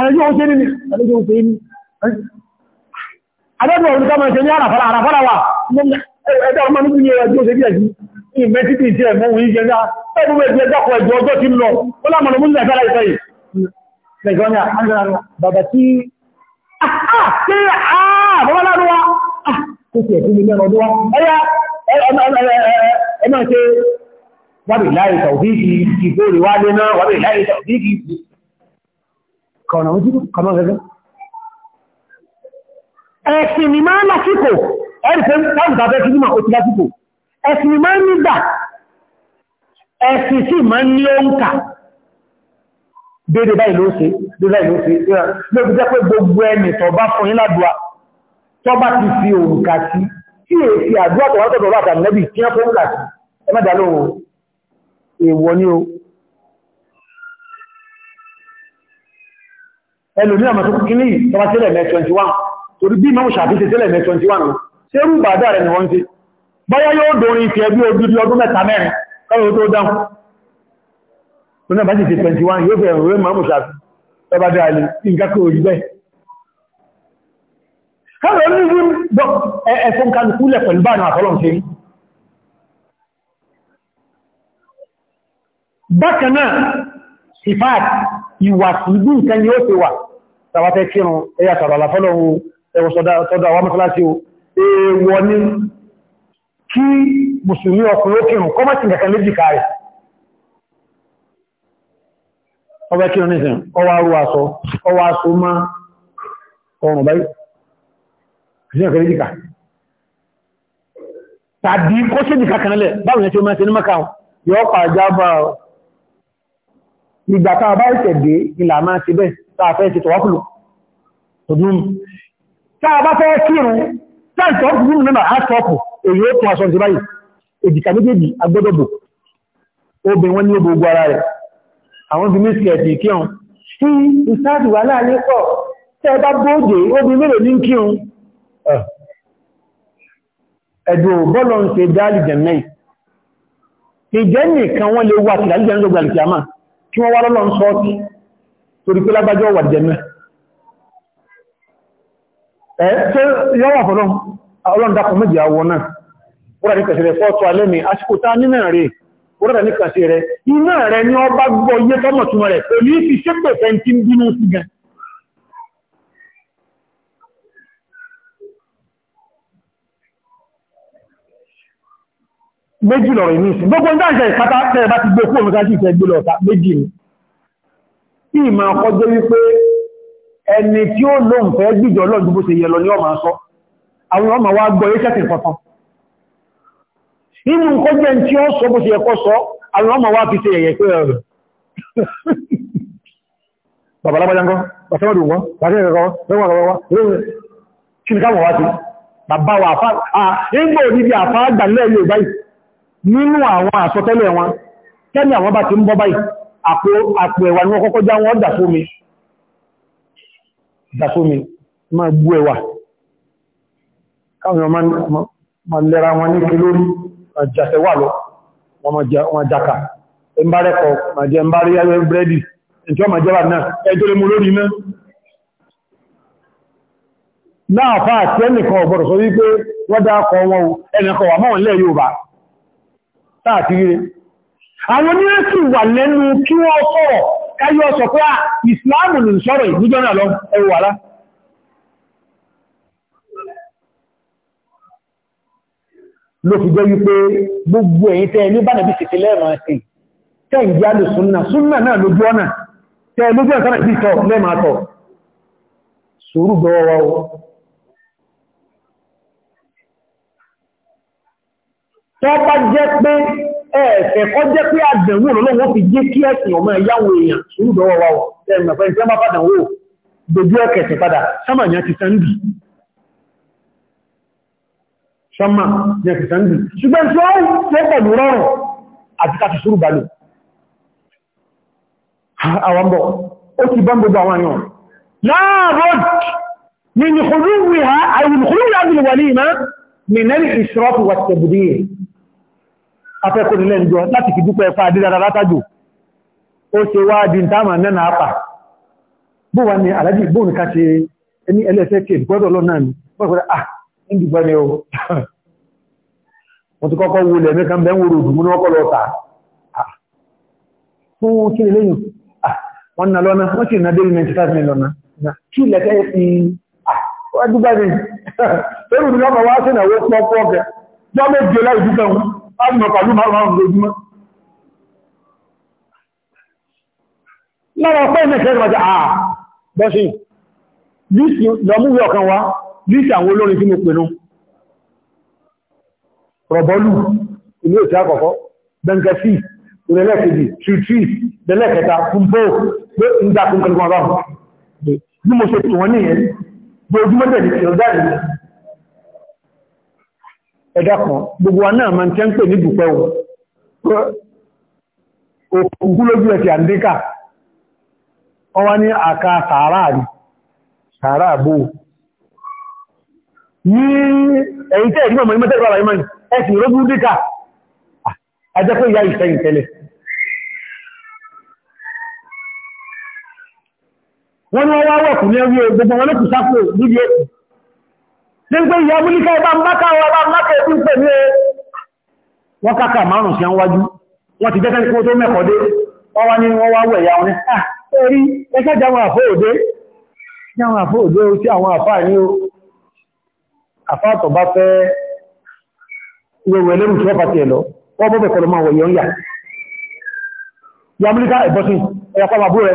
àlejò òun ṣe ní àlejò òun ṣe ní àdẹ́bọ̀ òun káàmà ṣe ní àràfàrà àràfàrà wà ẹjọ́ ọmọ níbi ní ẹjọ́ ṣe bí ẹ̀jú ìmẹ́títì ṣe ẹ̀mọ́ òun ṣe náà ẹgbùn ẹgbẹ́ ẹjọ́kọ̀ ẹjọ́ ọjọ́ ti lọ ó lámọ̀nà mú nígbàtà láìpẹ́ yìí lẹ́gbọ́nà bàbá tí àà tí àà bọ́lá kọ̀ọ̀nà ojú kọmọ gẹ́gẹ́ ẹ̀sìn ni máa lásìkò ẹ̀rìfẹ́ láwùdá bẹ́ sí mímọ̀ òtí lásìkò ẹ̀sìn ni máa nígbà ẹ̀sìn sí máa ní oúnkà dédé báyìí ló ṣe lóbi jẹ́ pé gbogbo ẹni tó bá fún yín ládùá tó bá ti fi òǹkà sí tí èsì àdúrà tọ̀wọ́tọ̀ tọ̀wọ́ àtàlẹ́bì tí wọ́n fún òǹkà sí ẹ má dá lóhùn èèwọ̀ ni o ẹlùmí ọmọ tó kí ní tọba tẹ́lẹ̀ mẹ́ 21 torí bí mọ́ ṣàfíṣẹ́ tẹ́lẹ̀ mẹ́ 21 ṣe rú bàdá rẹ̀ ni wọ́n ti bọ́yá yóò dorí ti ẹbí ojúdí ọdún mẹ́ta mẹ́rin kọ́rọ̀ tó dáhùn tó náà bá ti ti 21 yóò fẹ̀rẹ̀ rẹ̀ mọ́ ṣàfí tọba dáa lè nǹkan kò rí bẹ́ẹ̀ kọ́rọ̀ ní rí ẹ̀fọn kan kúlẹ̀ pẹ̀lú bá náà tọ́lọ̀ ṣe bákan náà ìfáàt ìwà sí bí nǹkan ni ó ti wà tàbátẹ́ kírun ẹyà sàrọ̀lá fọ́lọ̀wọ́ ẹwọ sọ́dọ̀ àwọn mọ́sálásí o èèwọ̀ ni kí mùsùlùmí ọkùnrin ó kírun kọ́mọ̀tì kẹ̀kẹ́ méjì káàrẹ̀ ọwẹ́ kírun ní ìsìn ọwọ́ arú aṣọ ọwọ́ aṣọ má ọrùn báyìí tàbí kó sí ìdíkà kanálẹ̀ báwọn ẹ̀ tí ó máa ṣe ní mọ́kà yọ́ pàjábà ìgbàta àbáyìsẹ̀ dé ìlà máa ti bẹ́ẹ̀ tààfẹ́ ti tọ̀wákùlù tòdúnmù táà bá fẹ́ kírun táàtọ̀ ọkùnrin mẹ́mà àtọ́kù èyí ó tún aṣọ ti báyìí èjìká méjèèjì agbọ́dọ̀bò obìn wọn ní ó gbogbo ara rẹ̀ àwọn bí mísìkẹ̀ẹ̀tì kírun tí ìsáàdì wà láàrin pọ̀ tẹ́ bá gbóòdè obìn mélòó ní kírun ẹ̀dùn bọ́lọ̀ ń ṣe dáàlì jẹ̀mẹ́ ìjẹ́ nìkan wọ́n lè wà tìlálì jẹ́ torí pé lágbàjọ́ wà jẹ́ náà ẹ̀ tó yọ́ wà fọ́nà ọlọ́ndàkọ̀ méjì àwọ̀ náà wọ́n rẹ̀ ní kẹsẹ̀rẹ̀ fọ́ọ̀tọ̀ alẹ́ mi àsìkò tá nínà rẹ̀ wọ́n rẹ̀ ní kẹsẹ̀rẹ̀ iná rẹ̀ ni ọba gbọ́ iye tọ́mọ̀ túnmọ̀ rẹ̀ pẹ̀lú ìfi ṣépè fẹ́ntí ń bínú sí gan méjì lọ̀rọ̀ ìmísí gbogbo ń dáǹṣẹ́ ìkátá tẹ́ẹ̀ bá ti gbé fóònù ká sì fẹ́ gbé lọ́ta méjì ni tí ìmọ̀ ọkọ̀jẹ́ wípé ẹni tí ó lóhùn fẹ́ gbìjọ lọ́dún bó ṣe yẹ lọ ní ọmọ sọ àwọn ọmọ gbọ́ yẹ́ inú tí ó sọ bó ṣe yẹ kọ́ sọ àwọn ọmọ wa fi ṣe yẹ̀yẹ̀ pé ọ̀rọ̀ àpò àpò ẹ̀wà ní ọkọ́kọ́ já wọ́n dàsómi dàsómi ma gbú ẹ̀wà káwọn ma lẹ́ra wọn ní kí lórí jàtẹ̀wà lọ wọn jàkà ẹmbárẹ́kọ̀ ma jẹ ẹmbárí ayẹ́ brẹ́dì tí ó ma jẹ́ náà ẹjọ́ lè mú lórí iná náà fà àti ẹnìkan ọ̀gbọ̀rọ̀ sọ wípé wọ́n dákọ̀ wọn ẹnìkan wà mọ́wọ̀n lẹ́ Yorùbá táà ti àwọn ní ẹ̀sùn wà lẹ́nu kí wọ́n sọ̀rọ̀ káyọ́ sọ pé ah, ìsìláàmù ní sọ̀rọ̀ ìgbìjọ́ náà lọ ẹwù wà lá ló fi jẹ́ wípé gbogbo ẹ̀yin tẹ́ ní bánàbí sìtì lẹ́ẹ̀mà sí tẹ́ ìdí alù súnnà súnnà náà lójú ọ̀nà tẹ́ lójú ọ̀nà sí tọ́ lẹ́ẹ̀mà tọ̀ sùúrù gbọ́wọ́wọ́ tọ́ bá jẹ́ pé ẹ̀ẹ̀fẹ̀ kọ́ jẹ́ pé àdẹ̀wò lọ́wọ́ fi jẹ́ kí ẹ̀sìn ọmọ ẹ̀yáwó èèyàn ìrúdọ̀wọ́ wa wọ̀ ẹ̀mẹ̀fẹ́ tí a máa padà wò dojú ẹ̀kẹ̀ẹ̀sẹ̀ padà sámà ní àti sẹ́ndì sámà ní àti sẹ́ndì ṣùgbọ́n tí ó fẹ́ pẹ̀lú rọrùn àti káti sùúrù balẹ̀ àwọn bọ̀ ó ti bá gbogbo àwọn àyàn láàrọ̀d min khuluwiha ay min khuluwi hadhihi al-walima min al afẹ́kùnrinlẹ̀ ìjọ láti fi dúpẹ́ ẹ̀fà àdídára látàjò ó ṣe wá di ìtàmà náà àpà bó ní alájì bóòrùn ká ṣe ẹni ẹlẹ́ẹ̀ṣẹ́ kè gbọ́dọ̀ lọ náà ni gbọ́dọ̀ ah, ni o lọ ah. ah, na lọ́nà wọ́n sì na dé ninety wá sí pọ́pọ́ jọ́ láti mọ̀ pàlú márùn-ún lójúmọ́. Lára pẹ́ ní kẹrì wájá àà bẹ́ṣì, lísì lọmúwẹ́ ọ̀kan wá, lísì àwọn olórin tí mo pè náà. Rọ̀bọ́lù, ilé ìtì àkọ́kọ́, Bẹ́ńkẹ́sì, ìrẹ́lẹ́kẹ̀ẹ́jì, Tìrìtì, Bẹ́lẹ́kẹta, Kúmpó, pé ń dá kúnkẹ́ ẹ̀dá kan gbogbo wa náà máa ń tẹ́ ń pè ní dùpẹ́ o òkú lójú ẹ̀tì àndíkà ọwá ní àka sàárà rí sàárà bó ní ẹ̀yìn tẹ́ ìdímọ̀ ní mẹ́tẹ́rọ àlàyé mọ́ni ẹ̀sì lójú díkà ajẹ́ pé ìyá ìfẹ́yìn tẹ́lẹ̀ wọ́n ni wọ́n wá lẹ́gbẹ́ ìyá múlíkà ẹbá mákà ọ̀rọ̀ mákà ẹbí ń pè ní ẹ wọ́n kàkà márùn sí àwájú wọ́n ti jẹ́kẹ́ kó tó mẹ́kọ̀ọ́dé wọ́n wá ní wọ́n wá wẹ̀yà wọn ah, ẹ̀rí ẹ̀ṣẹ́ jáwọn àfóòdé jáwọn àfóòdé ó tí àwọn àfáà ní ó àfáàtọ̀ bá fẹ́ wẹ̀wẹ̀ lẹ́rù tí wọ́n pàtẹ́ ya múlíkà ẹ̀bọ́sìn ẹ̀yà pàbàbú rẹ̀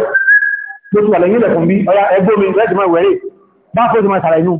lóṣù àlẹ́yìn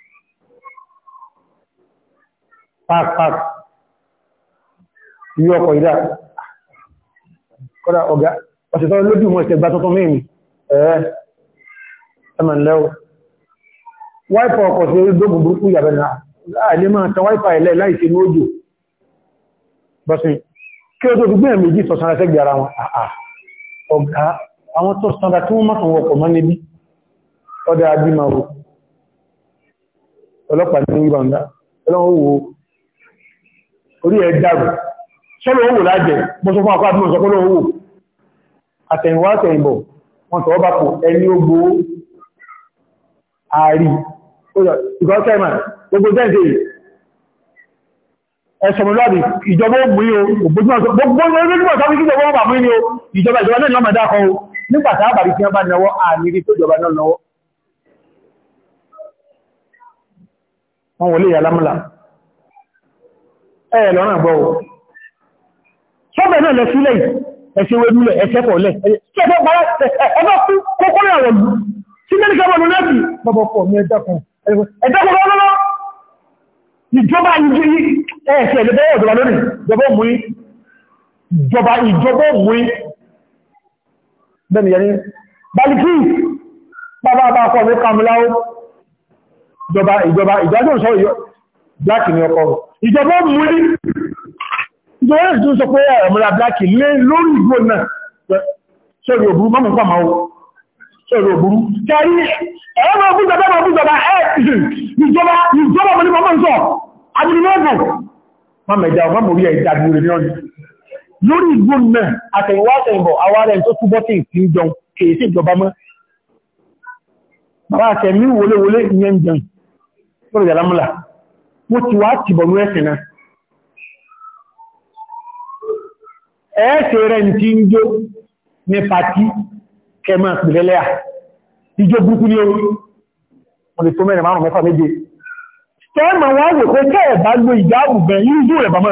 park park ilé ọkọ̀ ìdá kọ́dá ọ̀gá ọ̀sẹ̀tọ́ lójú mọ́ ìṣẹ̀gbà tuntun mẹ́rin ẹ̀ẹ́ ẹmà lẹ́wọ̀ wáìpọ̀ ọkọ̀ sí orí dógùn burúkú yàbẹ̀ náà láàrín máa tan wáìpà ilẹ̀ láìsí lójú bọ́sìn kí o tó gbé ẹ̀mí jí sọ̀sán ẹsẹ́ gbẹ̀rẹ̀ wọn ọ̀gá àwọn tó sọ́dá tí wọ́n mọ́sàn wọ́pọ̀ mọ́ níbi ọdá abímọ̀ ọlọ́pàá ní ìbàndá ọlọ́wọ́ orí ẹ̀ dàrù ṣọ́lọ̀ owó lájẹ̀ mọ́ sọ fún àkọ́ àbúrò sọpọ́lọ̀ owó àtẹ̀yìnwá àtẹ̀yìnbọ̀ wọn tọ́ bá kò ẹni ogbó ààrí ìgọ́sẹ̀mà gbogbo jẹ́ǹdẹ̀ ẹ̀ṣọ̀mọ̀lọ́bì ìjọba ògbò yíò gbogbo ẹgbẹ́gbẹ́ sọ́bí o ìjọba o nígbàtà wọ́n wọlé ìyàlámùlà ẹ̀ lọ́nà gbọ́ o sọ́bẹ̀ náà lẹ sílẹ̀ ẹ̀ṣẹ́ wẹ́dúlẹ̀ ẹ̀ṣẹ́ pọ̀lẹ̀ ìjọba ìjọba òmùí bẹ́ni yẹni baliki bàbá bá kọ̀ ní kàmìláwó ìjọba ìjọba ìjọba ìjọba ìjọba black ni ọkọ̀ rẹ̀ ìjọba mú ní ìjọba ìjú sọ pé ẹ̀mọ́ra bláàkì lé lórí ìgbò náà sọ́rọ̀ òbúrú mọ́mù pàmà ó sọ́rọ̀ òbúrú kẹrí ẹ̀mọ́ ọgbújọba ẹ̀mọ́ ọgbújọba ìjọba ìjọba mọ́ ní mọ́mọ́ sọ adúlùmọ́gbọ̀n mọ́mọ̀ ẹ̀dà ọmọ orí ẹ̀dà gbúrú ní ọ̀nà lórí ìgbò náà àtẹ̀yìnwá àtẹ̀yìnbọ̀ àwa rẹ̀ tó túbọ́ sí ìsìn jọ kèé sí ìjọba mọ́ bàbá àtẹ̀mí wọléwọlé ìyẹn jẹun lórí ìjàlámúlà mo ti wá ti bọ̀ mẹ́sìn náà ẹ̀ẹ́sẹ̀ rẹ̀ tí ń jó ní pàtí kẹmọ́ ìpìlẹ̀lẹ́ à ìjó burúkú ní orí wọ́n lè tó mẹ́rin márùn mẹ́fà méje tẹ́ẹ̀mà wá wò pé kẹ́ẹ̀ bá gbé ìjáàbù bẹ̀ yíjú rẹ̀ bàmọ́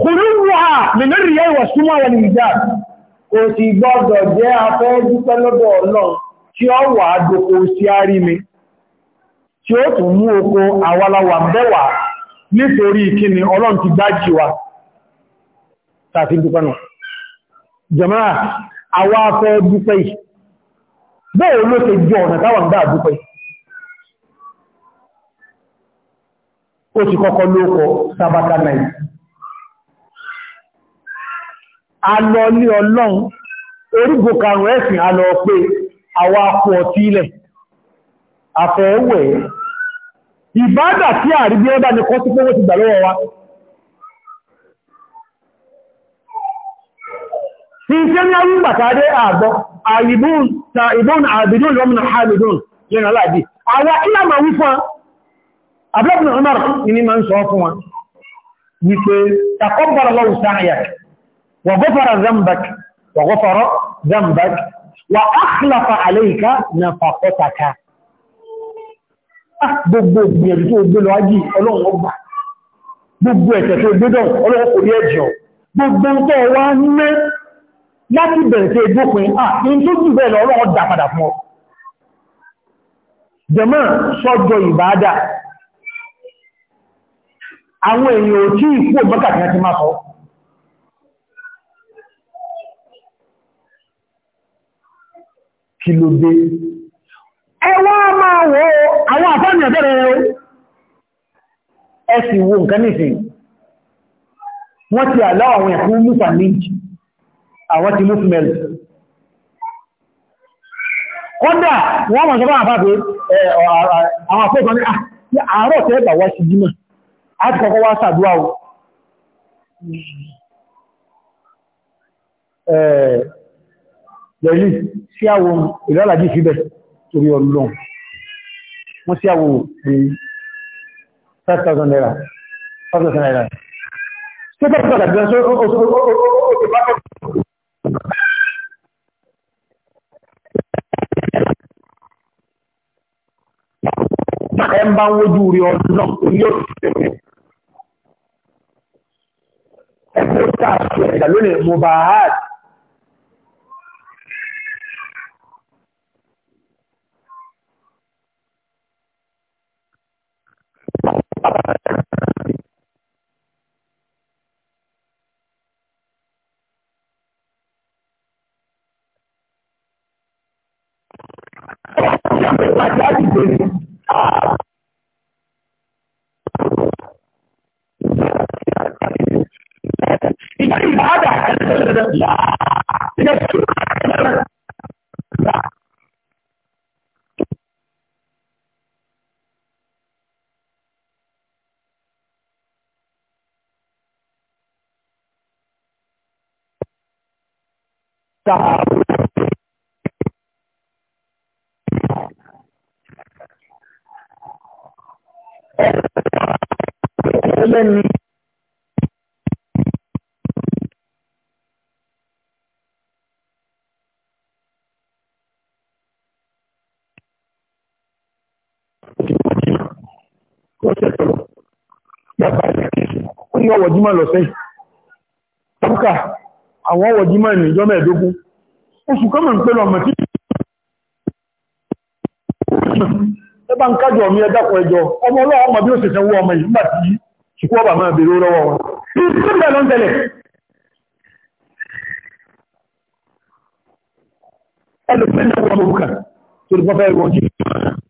kùrùwà mìnírìyà ìwà súnmọ́ àwọn ìjà kò sì gbọ́dọ̀ jẹ́ afẹ́ dúpẹ́ lọ́dọ̀ ọlọ́run tí ó wà dòkó sí àrí mi tí ó tún mú oko àwalawa bẹ́wà nítorí kíni ọlọ́run ti gbájì wa tàbí dúpẹ́ náà jàmáà alọ ní ọlọ́run orígbò karùn alọ pé àwọn ilẹ̀ ìbádà tí ẹ́bá ni kọ́ sí pé wọ́n ti gbà lọ́wọ́ wa tí ṣe ní àgbọ́ àbìdún lọ́mìnà láàbí àwọn ìlàmà ń sọ fún wípé lọ́wọ́ وغفر ذنبك وغفر ذنبك وأخلف عليك نفقتك gbogbo ìgbìyànjú tó gbé lọ ájì ọlọ́run ọgbà gbogbo ẹ̀tẹ̀ tó gbé dán ọlọ́run kò rí ẹ̀jọ́ gbogbo ń tọ́ wá ń mẹ́ láti bẹ̀rẹ̀ tí ìgbópin à in tó jù bẹ́ẹ̀ lọ ọlọ́run dá padà fún ọ jẹ́mọ́ sọ́jọ́ ìbáadà àwọn èèyàn ò tí ìkú òmọ́kàtí kí ló dé ẹwà máa wọ àwọn àfáàmì ọ̀bẹ̀rẹ̀ ẹ sì wo nǹkan nìsìn wọ́n ti àlọ́ àwọn ẹ̀kún múfà méjì àwọn ti múfù mẹ́rin kọ́dà wọ́n mọ̀ sọ́bọ̀ àfáàfẹ́ àwọn àfẹ́kọ́ ah, ní àárọ̀ tẹ́ bà wá sí jímọ̀ àti kọ́kọ́ wá sàdúwà o pẹ̀lú sí àwọn ìrọ́làjì síbẹ̀ torí ọlọ́run wọ́n sí àwọn òpin 5,000 naira 5,000 naira ṣe bá pàtàkì bí wọ́n ṣe ó ti bá pọ̀ ẹ ń bá ń wojú rí ọdún náà orí yóò ti tẹ̀lé ẹgbẹ́ tá a ṣe ẹ̀dà lónìí mo bá a hàt Ìgbà ìbáàdà ẹ̀rọ ìlà ilé ìṣòro ẹ̀rọ. tààrà ẹlẹ́ni Yàtọ̀ ìrìnàjò, ó ní lọ sẹ́yìn. Tọ́kà àwọn wọ̀dímọ̀ ní ìjọ mẹ́ẹ̀dógún oṣù kọ́mọ̀ ń pẹ́lọ ọmọ tí ẹbá ń kájọ ọmọ ẹdákọ̀ ẹjọ ọmọ ọlọ́wọ́ ọmọ bí ó sì sanwó ọmọ yìí nígbà tí ṣùkú ọba máa bèèrè lọ́wọ́ wọn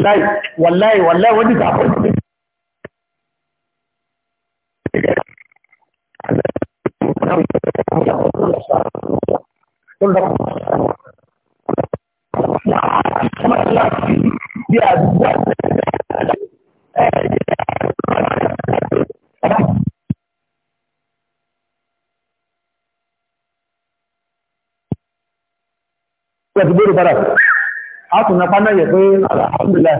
wallahi wallahi wallahi wọ́n dìgbà pẹ̀lú pé Gbogbo ìbára àtùnà pánẹ́yẹ̀ pé alhamdulillah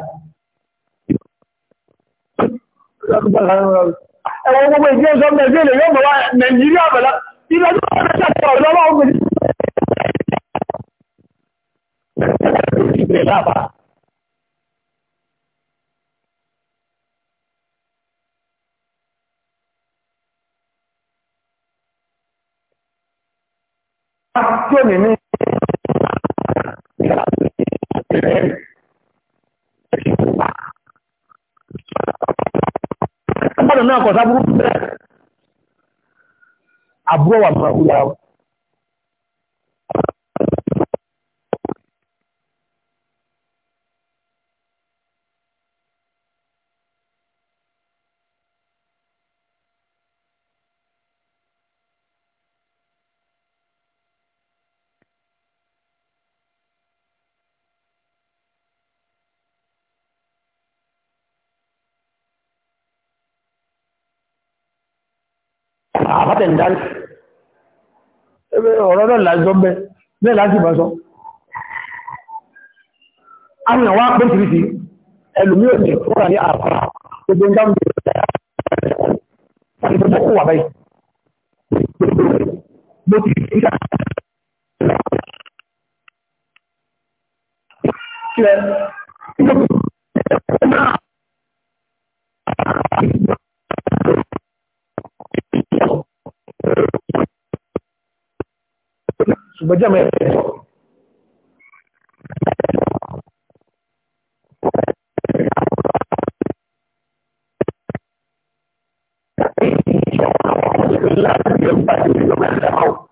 ẹwọ gbogbo ìdí ọjọ́ lè yọ́ mọ̀wá nàìjíríà bẹ̀lá ìlàjọ́ ọ̀rẹ́sẹ̀ ọ̀rọ̀ ọ̀gbẹ̀ Tí ó ní ní kọ̀ọ̀sá burúkú bẹ́ẹ̀ àbúrò wà máa wúyà wa tẹ̀ǹdárí ọ̀rọ̀ náà lájọ́ bẹ́ bẹ́ẹ̀ láti bá sọ àwọn àwọn apẹ́sìrìsì ẹlùmí òsì fúnra ní àpá gbogbo ń dáhùn ìgbà ṣùgbọ́n jẹ́ mẹ́rin ẹ̀jọ́ láti ẹ̀gbà ìjọba ìjọba ìjọba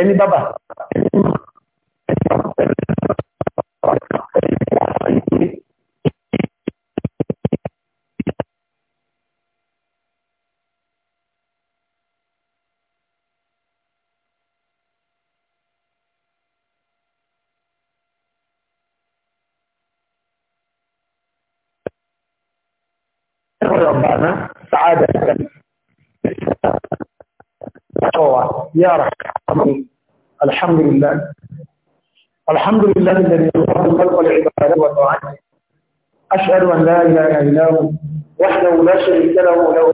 ẹni bàbá ẹni الحمد لله الحمد لله الذي خلق الخلق والعبادة والطاعات أشهد أن لا إله إلا هو وحده لا شريك له له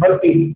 healthy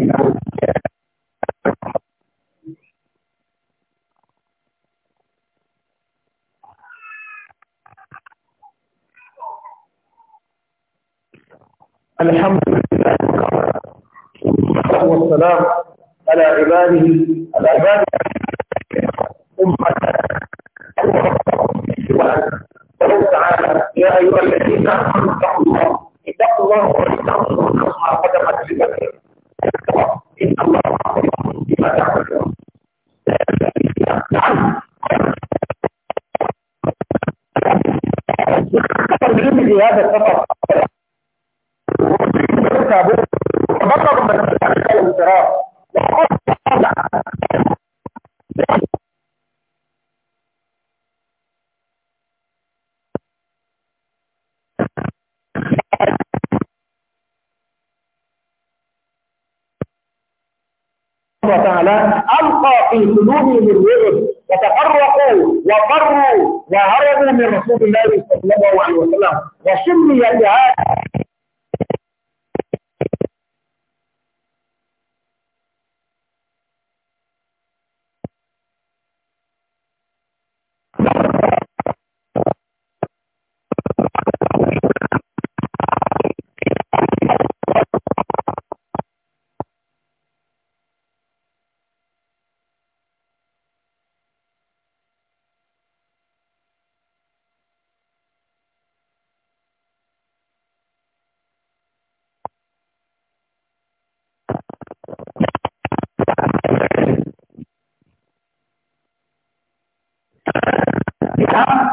you know,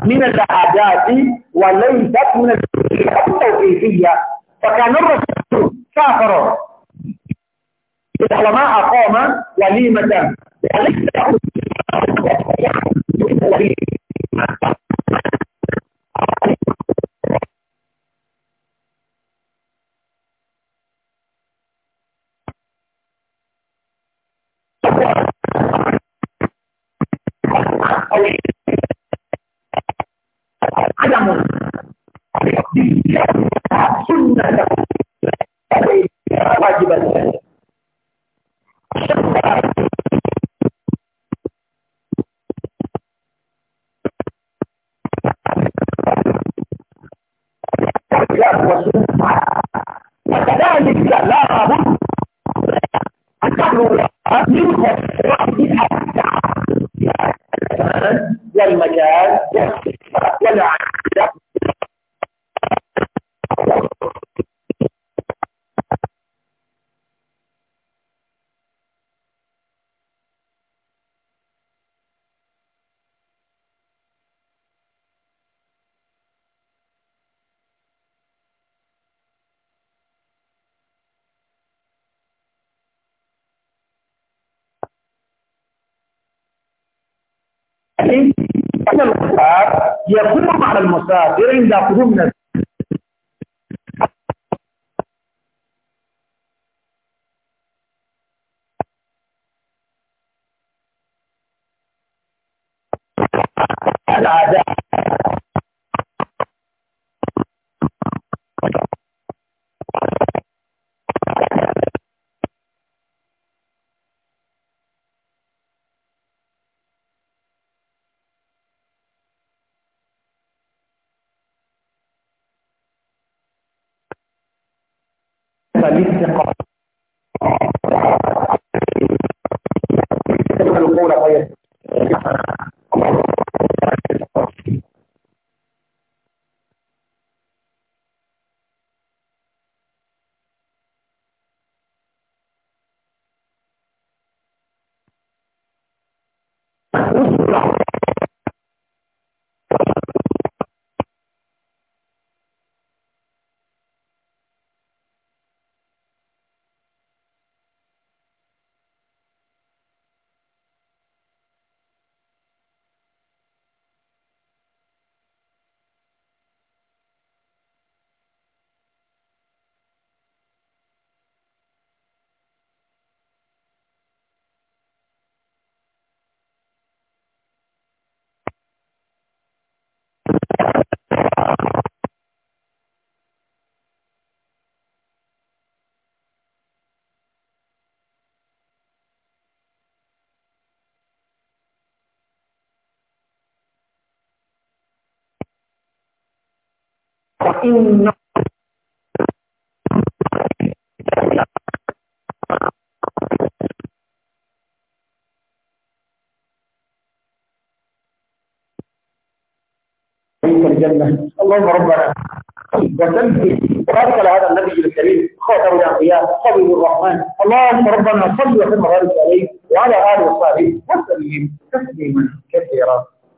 من العادات وليست من التوحيدية فكان الرسول سافر العلماء قام وليمة وليس الكافرين يخرجون nípa ní ti kọ́. الجنة اللهم ربنا وتنفي وأرسل على هذا النبي الكريم خاتم الأنبياء خبيب الرحمن اللهم ربنا صل وسلم وبارك عليه وعلى آله وصحبه وسلم تسليما كثيرا